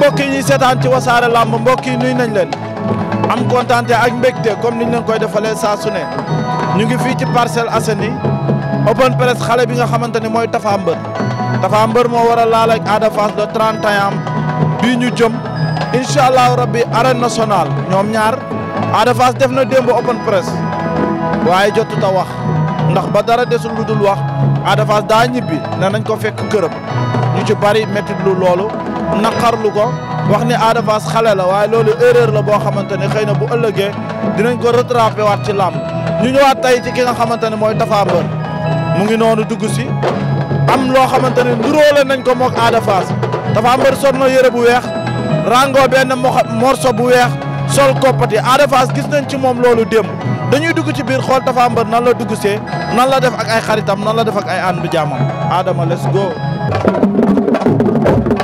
mbokk yi ñuy seetaan ci wasaare làmb mbokk yi nuy nañ leen am kontaante ak mbégte comme niñ leen koy defalee saa su ne ñu ngi fii ci Parcelles Assainies open press xale bi nga xamante ne mooy Tapha Mbeur Tapha Mbeur moo war a laal ak Ada Fass le bii ñu jëm incha allahu rabbi arène nationale ñoom ñaar Ada def na démb open press waaye jotuta wax ndax ba dara desul lu dul wax Ada Fass daa ñibbi ne nañ ko fekk këram ñu ci bari métti loolu naqarlu ko wax ni Ada Fass xale la waaye loolu erreur la boo xamante ne xëy na bu ëllëgee dinañ ko rattrapé waat ci làmb ñu waat tey ci ki nga xamante ne mooy Tapha Mbeur mu ngi noonu dugg si am loo xamante ne nduróole nañ ko moog Ada Fass Tapha Mbeur sol na yére bu weex rango benn morso bu weex sol koppati Ada Fass gis nañ ci moom loolu démb dañuy dugg ci biir xool Tapha Mbeur nan la dugg see nan la def ak ay xaritam nan la def ak ay ànd jaamam Adama let's go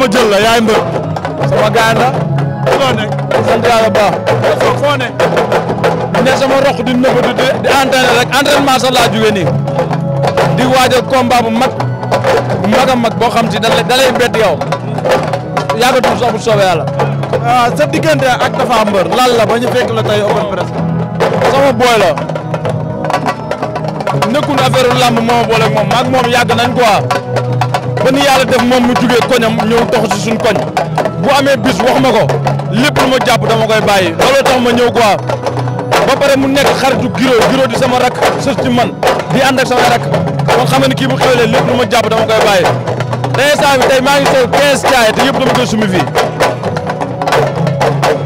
ma jël la yaay mbër. sama gaan la. loo nekk. sant yàlla bu baax. soo foo ne. ne sama roq di nëbbatu di di entraîné rek entraînement sax laa jógee nii. di waajal combat bu mag bu mag a mag boo xam si dalay dalay bett yow. yàggatul sax bu soobee yàlla. ah sa diggante ak Tapha Mbeur lan la ba fekk la tey open press. sama booy la. nekkul affaire lamb moom boole moom maag moom yàgg nañ quoi. ba ni yàlla def moom mu jugee koñam ñëw dox si suñ koñ bu amee bis wax ma ko lépp lu ma jàpp dama koy bàyyi looloo tax ma ñëw quoi ba pare mu nekk xaritu Giro Giro di sama rak sa ci man di ànd ak sama rak kon xam ne kii bu xewlee lépp lu ma jàpp dama koy bàyyi tey saa bi tey maa ngi e 15 caay te yëpp dama koy sumi fii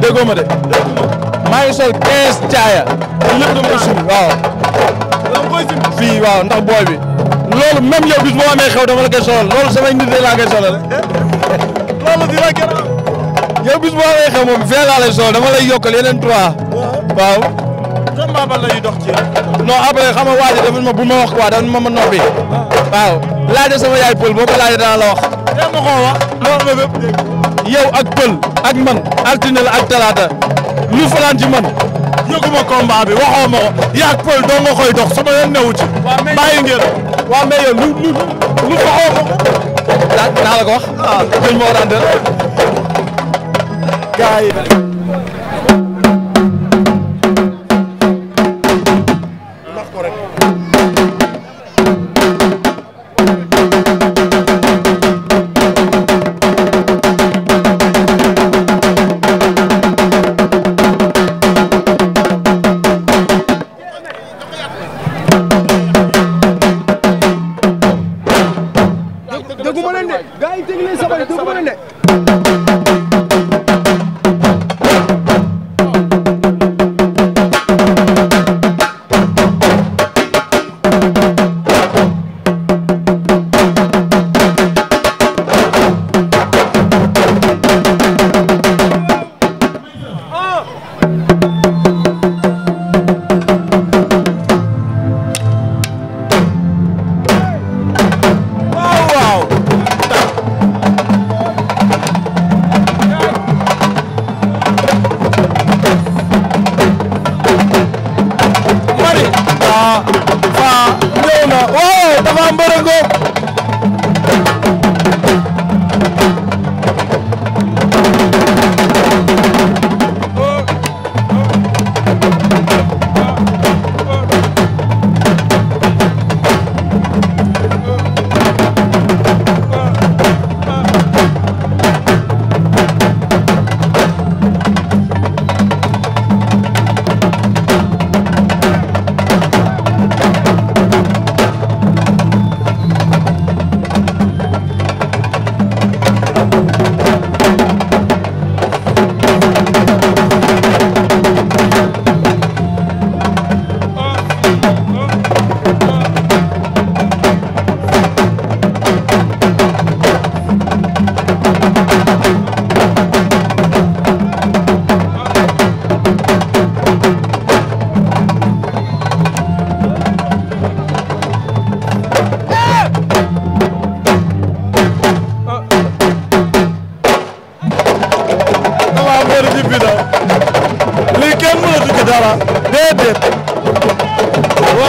déggoo ma de maa ngi sol 15 caaya te lépp dama koy sumi waaw waaw ndax booy bi loolu même yow bis boo amee xew dama la koy loolu samay nit laa koy solal loolu dina gën yow bis boo amee xew moom fee laa lay sol dama lay yokkal yeneen trois uh-huh. waaw. combat ba lay dox ci. non après xam nga waa ji dafa ma bu ma wax quoi dafa ma ma noppi. Ah. waaw laajte sama yaay pël boo ko laajee dana la wax. tey ma koo wax loolu la bépp yow ak pël ak man altine la ak talaata lu falaan ci man jóguma combat bi waxoo ma ko yaag Pël doo nga koy dox sama yoon newu ci. bàyyi ngeen waaw mais a lu lu lu waxoo ma ko. naa la ko wax ah dañ ma a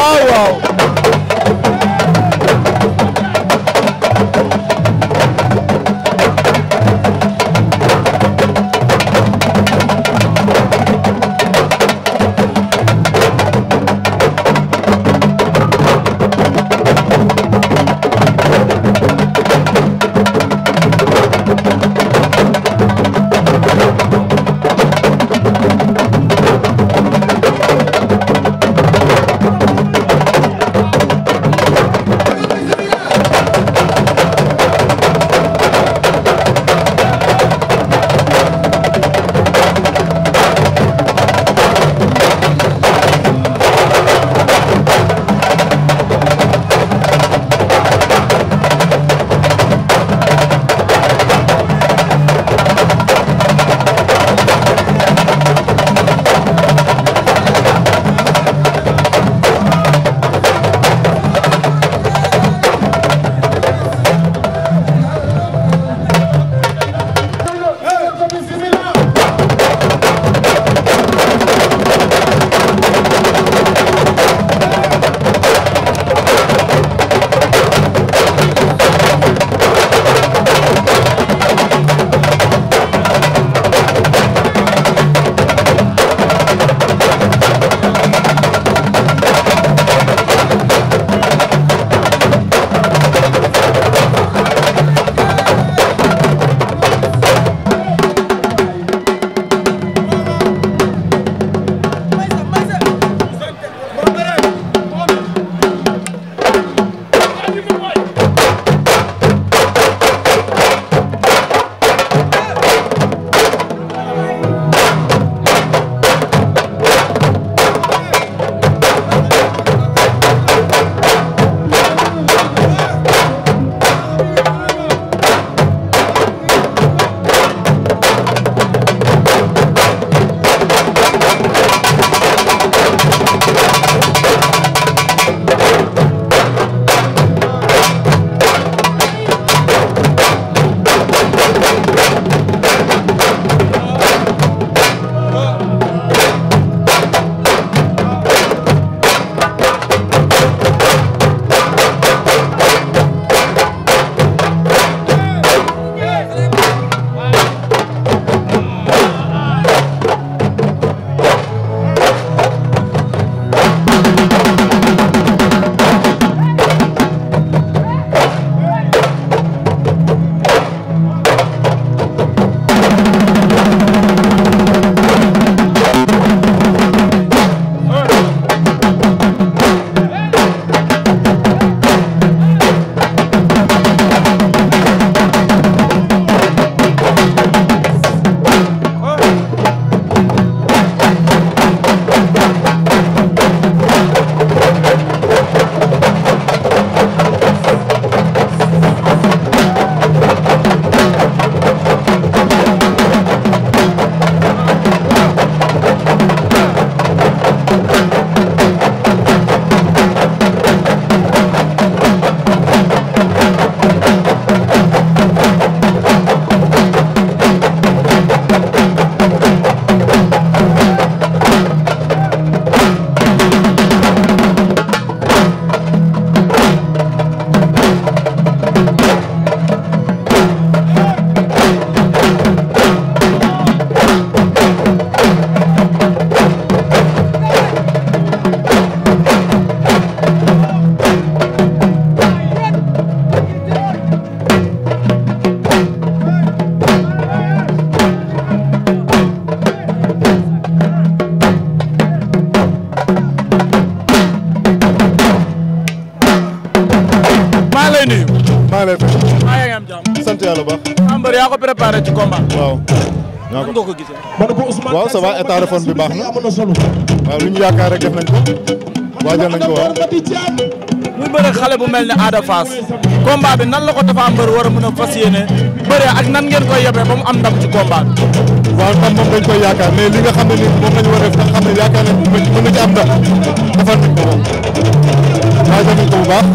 waaw waaw préparé ci combat. waaw. naa ko ko gisee. waaw ça va état bi baax na. waaw lu ñu yaakaar rek def nañ ko. waajal nañ ko waaw. muy bëre xale bu mel ne Ada Fass. combat bi nan la ko Tapha Mbeur war a mën a fas yéene bëree ak nan ngeen koy yebee ba mu am ndam ci combat bi. waaw ndam moom dañ koy yaakaar mais li nga xam ne ni moom la ñu war a def nga xam ne yaakaar nañ ko mën na ci am ndam. defal nañ ko moom. waajal nañ ko bu baax.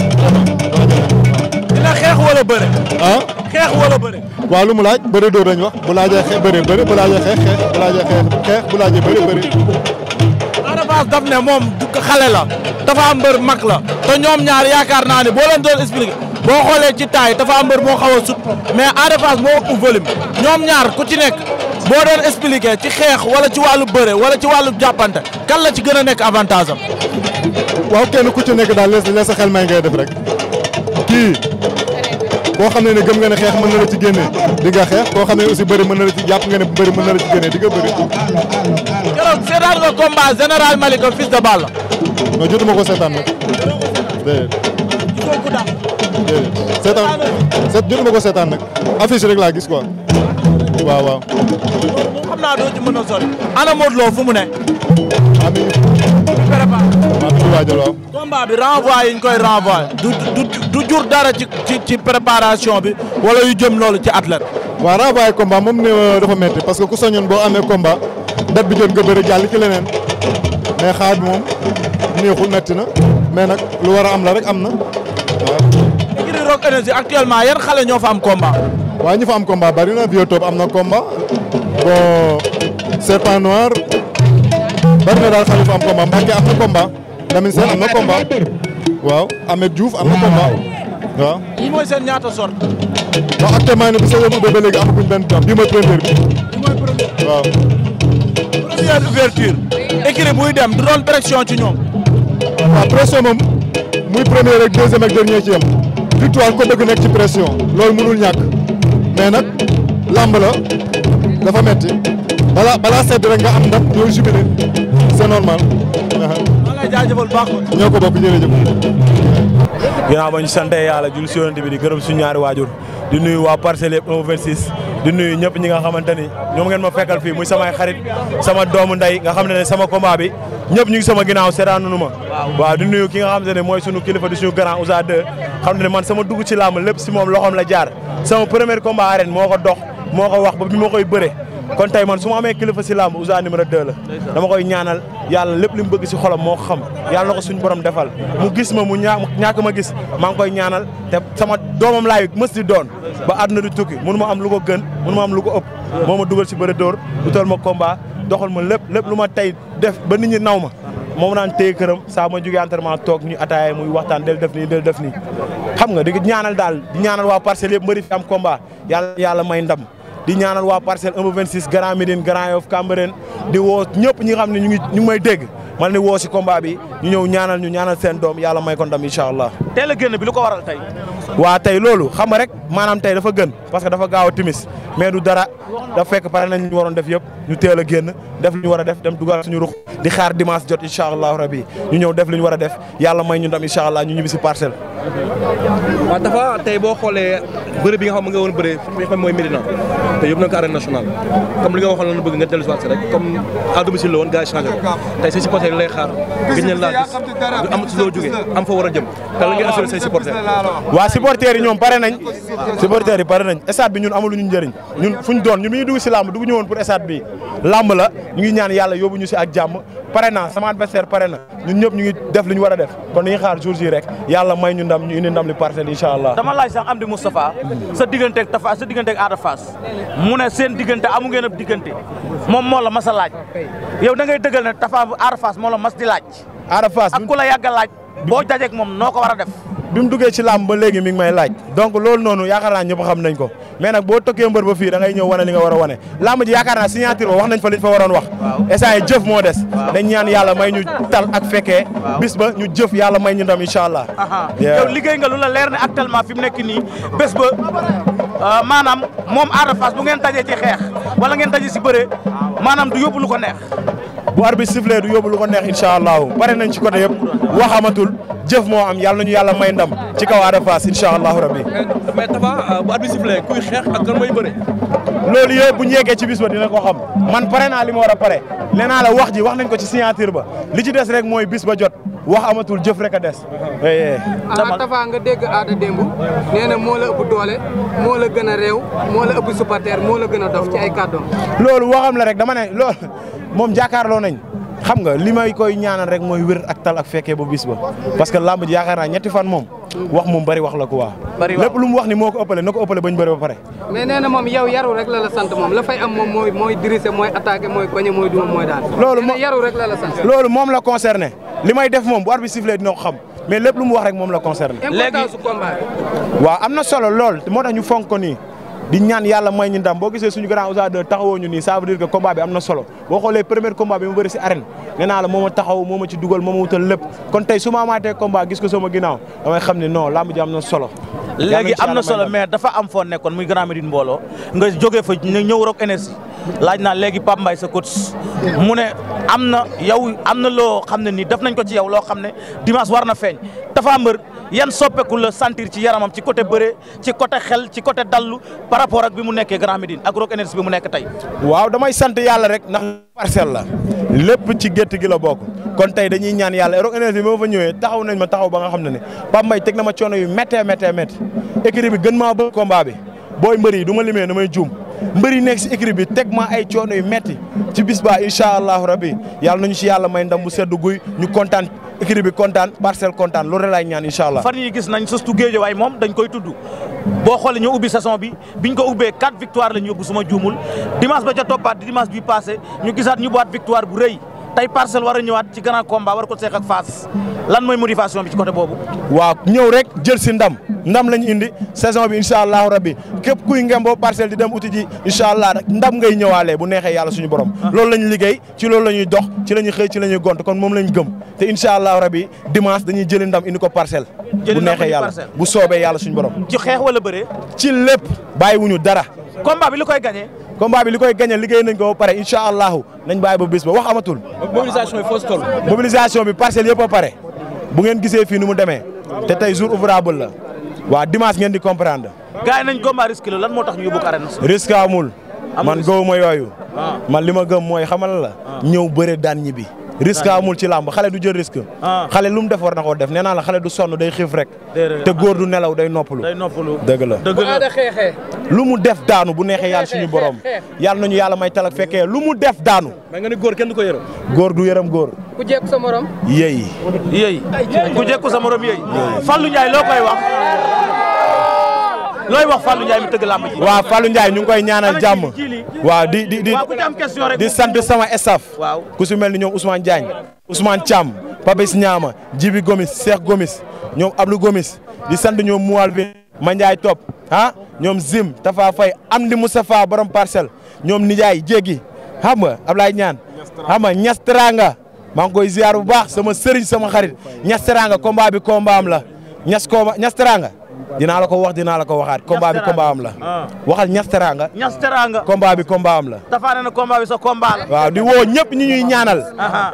dina xeex wala bëre. Ah? xeex wala bëre. waaw lu mu laaj bëre doo dañ wax bu laajee xeex bëre bëre bu laajee xeex bu laajee xeex xeex bu laajee bëre bëre. Ada daf ne moom xale la dafa am mbër mag la te ñoom ñaar yaakaar naa ne boo leen doon expliqué boo xoolee ci taay dafa am mbër moo xaw a sut mais Ada Fass moo ëpp volume ñoom ñaar ku ci nekk boo doon expliqué ci xeex wala ci wàllu bëre wala ci wàllu jàppante kan la ci gën a nekk avantage am. waaw kenn ku ci nekk daal lees sa xel may ngay def rek koo xam ne ne gëm nga ne xeex mën na la ci génne di xeex koo xam ne aussi bëri mën na la ci jàpp nga ne bëri mën na la ci génne di nga bëri. keroog seetaan nga combat général a fils de Balla. non jotuma ko seetaan nag seetaan seet ko seetaan nag affiche rek laa gis quoi waaw waaw. xam naa doo mën a sori. ana Modou Lo fu mu ne. amiin. waaw mi ngi waajal bi renvoi yi ñu koy renvoi. du du jur dara ci ci préparation bi wala yu jëm loolu ci athlète. waaw renvoyer combat moom ne euh, dafa métti parce que ku soñoon boo amee combat date bi jot nga jàll ci leneen mais xaar mais nag lu war am la rek am na waaw. écurie Rock Énergie actuellement yan xale ñoo fa am komba waaw ñu fa am combat bari na Biotope am na combat bon Serpent Noir bari daal xale fa am combat Mbacke am na combat Lamine Sène am na combat waaw Ahmed Diouf am na combat. waaw lii mooy seen ñaata sorte. waaw actuellement nii bu soobee bu ba léegi amaguñ benn temps bii mooy première bi. mooy première waaw. première ouverture. écurie buy dem du doon pression ci ñoom. waaw pression moom muy premier rek deuxième ak dernier ci yam victoire ko bëgg nekk ci pression loolu mënul ñàkk mais nag lamb la dafa metti balaa balaa sedd rek nga am ndam ñooy jubilé c'est normal. maa ngi lay jaajëfal baax ñoo ko bokk ginnaaw ba ñu sante yàlla si yonent bi di gërëm suñu ñaari waajur di nuyu waa Parcelles yëpp 26 di nuyu ñëpp ñi nga xamante ni ñoom ngeen ma fekkal fii muy samay xarit sama doomu ndey nga xam ne sama combat ñëpp ñu sama ginnaaw seetaan nu ma waaw di nuyu ki nga xamante ne mooy sunu kilifa di suñu grand Ousa 2 xam man sama dugg ci làmb lépp si loxoom la jaar sama premier combat arène moo ko dox moo ko wax ba bi moo koy bëre kon tey man su ma amee kilifa si làmb Ouza numéro 2 la dama koy ñaanal yàlla lépp li mu bëgg si xolam moo xam yàlla na ko suñu borom defal mu gis ma mu ñàkk ma gis maa ngi koy ñaanal te sama doomam laay mës di doon ba àdduna di tuki mënu ma am lu ko gën mënu am lu ko ëpp moo ma dugal si bëri dóor utal ma combat doxal ma lépp lépp lu ma tey def ba nit ñi naw ma moom naan téye këram saa ma jógee entraînement toog ñu ataaya muy waxtaan del def nii del def nii xa nga di ñaanal daal ñaanal waa parcelle mbëri am combat yàlla yàlla may ndam di ñaanal waa parcelle 1 ba 26 Grand Médine di woo ñëpp ñi nga xam ne ñu ngi ñu may dégg ma leen di woo si combat bi ñu ñëw ñaanal ñu ñaanal seen doom yàlla may ko ndam incha allah. teel a génn bi lu ko waral tey. waa tey loolu xam nga rek maanaam tey dafa gën parce que dafa gaaw timis mais du dara da fekk pare nañ ñu waroon def yëpp ñu teel a génn def lu ñu war a def dem dugal suñu ruq di xaar dimanche jot incha allahu rabi ñu ñëw def li ñu war a def yàlla may ñu ndam incha allah ñu ñibbi si parcelle. waaw dafa tey boo xoolee bëre bi nga xam nga woon bëre fi xam mooy Médina te yóbbu na ko arène nationale comme li nga waxoon lan bëgg nga dellu si waat si rek comme à domicile la woon gars yi changé ko tey say supporters lay xaar gis ngeen laa gis am si loo jógee am fa war a jëm te la nga assuré supporters yi ñoom pare nañ supporters yi pare nañ stade bi ñun amalu ñu njëriñ ñun fuñ doon ñun bi ñu dugg si làmb dugg ñu woon pour stade bi làmb la ñu ngi ñaan yàlla yóbbu ñu si ak pare na sama adversaire pare na ñun ñëpp ñu ngi def li ñu war a def kon dañuy xaar jours yi rek yàlla may ñu ndam ñu indi ndam li parcelle incha allah dama laaj sax Amdi Moustapha sa digganteeg Tafa sa digganteeg Ada Fass seen diggante amu diggante moom moo la mas a laaj yow da ngay dëggal ne Tafa Ada Fass moo la mas la yàgg a laaj boo dajeeg moom noo ko war a def. bi mu duggee ci làmb ba léegi mi may laaj donc loolu noonu yaakaar naa ñëpp xam nañ ko mais nag boo tokkee mbër ba fii da ngay ñëw wane li nga a wane làmb ji yaakaar naa signature ba wax nañ fa liñ fa waroon wax instant yi moo des dañ ñaan yàlla may ñu tal ak fekkee bis ba ñu jëf yàlla may ñu dam incha allah liggéey nga lu la leer ne actuellement fi mu nekk nii bés ba euh, maanaam moom Ada Fass bu ngeen dajee ci xeex wala ngeen dajee si bëre maanaam du yóbbu ko neex bu arbitre sifflé du yóbbu lu ko neex incha allahu pare nañ ci côté yëpp waxamatul jëf moo am yàlla nañu yàlla may ndam ci kaw Ada Fass incha allahu rabbi. mais Tapha euh, bu arbitre sifflé kuy loolu yëpp bu ñu ci bis ba dina ko xam man pare naa li ma war a pare nee naa la wax ji wax nañ ko ci signature ba li ci des rek mooy bis ba jot. wax amatul jëf rek a des. Eh, eh. ah Tapha nga dégg aada démb nee na moo la ëpp doole moo la gën a réew moo la ëpp supporter moo la gën a dof ci ay kàddoom. loolu waxam la rek dama ne lool moom jàkkaarloo nañ xam nga li may koy ñaanal rek mooy wér ak tal ak fekkee ba bis ba parce que làmb ji yaakaar naa ñetti fan moom wax moom bari wax la ko waa lépp lu wax ni moo ko ëppale na ko ëppale ba ñu bëri ba pare mais nee na moom yow yaru rek la la sant moom la am moom mooy mooy mooy attaquer mooy bañe mooy duma mooy daan loolu la moom la concerné li may def moom bu arbitre sifflé dina ko xam mais lépp lu mu wax rek moom la concerné léegi waaw am na solo lool moo tax ñu fonk nii di ñaan yàlla may ñu ndam boo gisee suñu grand Ouza 2 taxawoo ñu nii ça veut am na solo boo xoolee premier combat bi mu bëri si arène nee naa la moo ma taxaw moo ma ci dugal moo ma wutal lépp kon tey su ma gis ko sama ginnaaw damay xam ne noo lamb ji am na solo léegi am na solo mais dafa am foo nekkoon muy Grand Médine mbooloo nga jogee fa ñëw Rock Énergie laaj naa léegi Pape Mbaye sa coach mu ne am na yow am na loo xam ne nii def nañ ko ci yow loo xam ne dimanche war na feeñ dafa mbër yan soppeeku la sentir ci yaramam ci côté bëre ci côté xel ci côté dallu par ak bi mu nekkee Grand Médine ak Rock Énergie bi mu nekk tey. waaw damay sant yàlla rek ndax parcelle la lépp ci gétt gi la bokk kon tey dañuy ñaan yàlla Rock Énergie bi ma ñëwee taxaw nañ ma taxaw ba nga xam ne ne Pape Mbaye teg na ma coono yu méttee méttee métti écurie bi gën maa bëgg combat booy mbër yi du ma limee may juum. mbëri nekk si écurie bi teg maa ay coono yu metti ci bis ba incha allahu rabi yàlla nañu si yàlla may ndam bu seddu guy ñu kontaan équipe bi kontaan parcelle kontaan loolu rek laay ñaan incha allah. fan yi gis nañ surtout Guédiawaye moom dañ koy tudd boo xoolee ñu ubbi saison bi biñ ko ubbee quatre victoire lañ yóbbu suma juumul dimanche ba ca toppaat dimanche bi passé ñu gisaat ñu boîte victoire bu rëy. tey parcelle war a ñëwaat ci grand combat war ko seex ak Fass lan mooy motivation bi ci côté boobu. waaw ñëw rek jël si ndam ndam lañu indi saison bi incha allahu rabbi képp kuy ngemboo parcelle di dem uti ji incha allah ndam ngay ñëwaalee bu neexee yàlla suñu borom. Ah. loolu lañu liggéey ci loolu la ñuy dox ci la ñuy xëy ci la ñuy gont kon moom lañu gëm te incha allahu rabbi dimanche dañuy jëli ndam indi ko parcelle. bu neexee yàlla bu soobee yàlla suñu borom. ci xeex wala bëree. ci lépp bàyyiwuñu dara. combat combat bi li koy gagné liggéey nañ ko ba pare incha allahu nañ bàyyi ba bis ba wax amatul. mobilisation bi fausse toll. bi parcelle yëpp a pare bu ngeen gisee fii nu mu demee te tey jour ouvrable la waa dimanche ngeen di comprendre. gars nañ combat risque la lan moo tax ñu yóbbu ko arène. risque amul man gëwuma yooyu. Ah. man li ma gëm mooy xamal la. Ah. ñëw bëre daan ñibbi. risque amul ci làmb xale du jël risque. Ah. xale lu mu def war na koo def nee naa la xale du sonn day xiif rek. te góor du nelaw day noppalu. day noppalu dëgg la dëgg lu mu def daanu bu neexee yàlla suñu borom yàlla nañu yàlla may talak fekkee lu mu def daanu. mais nga ni góor kenn du ko yërëm. góor du yërëm góor. ku jekku sa morom. yéy. yéy ku jekku sa morom yéy. Fallou loo koy wax. looy wax Fallou Ndiaye mi tëgg làmb ji. waaw Fallou Ndiaye ñu ngi koy ñaanal jàmm. waaw di sant sama staff. waaw ku si mel ni ñoom Ousmane Diagne. Ousmane Thiam Papis Ñaama Jibi Gomis Cheikh Gomis ñoom Abdou Gomis di sant ñoom Moual bi ma Ndiaye Top ah ñoom Zim Tafa Faye am di Moustapha borom parcelle ñoom Ndiaye jéggi xam nga Ablaye Ñaan xam Ñas Teranga maa ngi koy ziar bu baax sama sëriñ sama xarit Ñas Teranga combat bi la Ñas combat Ñas Teranga dinaa la ko wax dinaa la ko waxaat. combat bi combat am la. Ah. waxal ñas teraanga. ñas teraanga. combat bi combat am la. dafa ne na combat bi sa combat la. di woo ñëpp ñu ñaanal.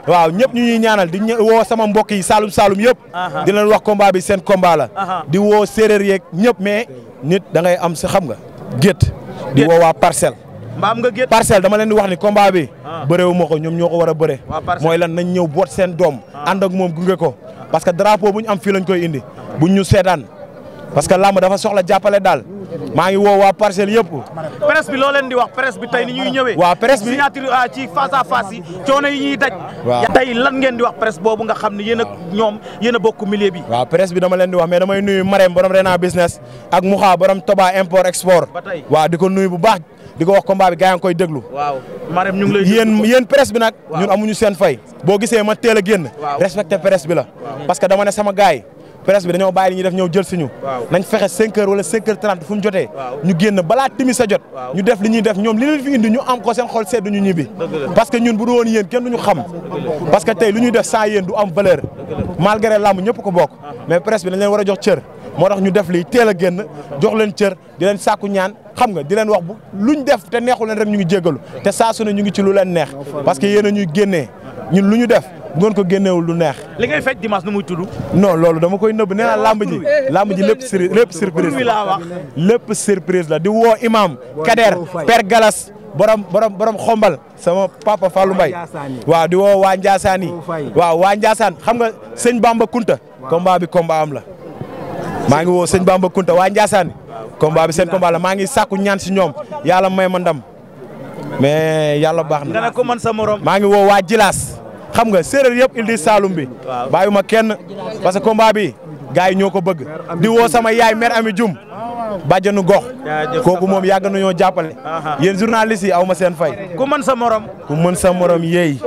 waaw ñëpp ñu ñuy ñaanal di woo sama mbokk yi Saalum Saalum yëpp. di leen wax combat bi seen combat la. di woo séeréer yeeg ñëpp mais nit da ngay am si xam nga gét di woo waa parcel mbaam nga gétt parcelle dama leen di wax ni combat bi. Ah. bëreewu ma ko ñoom ñoo ko war a bëre. mooy lan nañ ñëw boot seen doom. Ah. ànd moom gunge ko parce que drapeau am fii koy indi. buñ ñu seetaan parce que làmb dafa soxla jàppale daal maa ngi woo waa parcelle yëpp. presse bi loo leen di wax presse bi tey ni ñuy ñëwe waa presse bi signature ah, yi coono yi lan ngeen di wax presse boobu nga xam ne yéen ak ñoom yéen a bokk milieu bi. waaw presse bi dama leen di wax mais damay nuyu Marème borom Rena business ak Mouha borom Toba import export. waaw di ko nuyu bu baax di ko wax combat bi gaa ngi koy déglu. waaw Marème ñu ngi lay. yéen yéen presse bi nag. ñun amuñu seen fay. boo gisee ma teel a génn. respecté bi la. parce que dama ne sama gars yi presse bi dañoo bàyyi ñu def ñoo jël suñu nañ fexe 5 heures wala 5 heures 30 fu mu jotee ñu génn balaa timis sa jot ñu def li ñuy def ñoom li leen fi indi ñu am ko seen xol seddu ñu ñibbi parce que ñun bu du woon yéen kenn ñu xam parce que tey lu ñuy def sans yéen du am valeur malgré làmb ñëpp ko bokk uh-huh. mais presse bi dañ leen war a jox cër moo tax ñu def lii teel a génn jox leen cër di leen saaku ñaan xam nga di leen wax bu ñu def te neexuleen leen rek ñu ngi jéggalu te saa su ñu ngi ci lu leen neex parce que yéen ñuy génnee ñun lu ñu def bu ngeen ko génneewul du neex. li ngay fecc dimanche nu muy loolu dama koy nëbb nee naa eh, lamb ji lamb ji lépp sur lépp surprise la lépp surprise di woo imam Kader Père Galas borom xombal sama papa Fallou Mbaye waaw di woo waa Ndiassane yi waaw waa Ndiassane xam nga sëñ Bamba Kunta combat bi combat la maa ngi woo sëñ Bamba Kunta waa Ndiassane combat bi seen la maa ngi sàkku ñaan si ñoom yàlla may ma ndam mais yàlla baax na. dana ko man sa morom. maa ngi woo waa Jilaas. xam nga séeréer yëpp il di Saloum bi ma kenn parce que combat bi gars yi ñoo ko bëgg di woo sama yaay mère ami Dioum ah, bàjjanu gox kooku moom yàgg nañoo jàppale yéen journaliste yi aw ma seen fay ku mën sa morom ku mën sa morom yey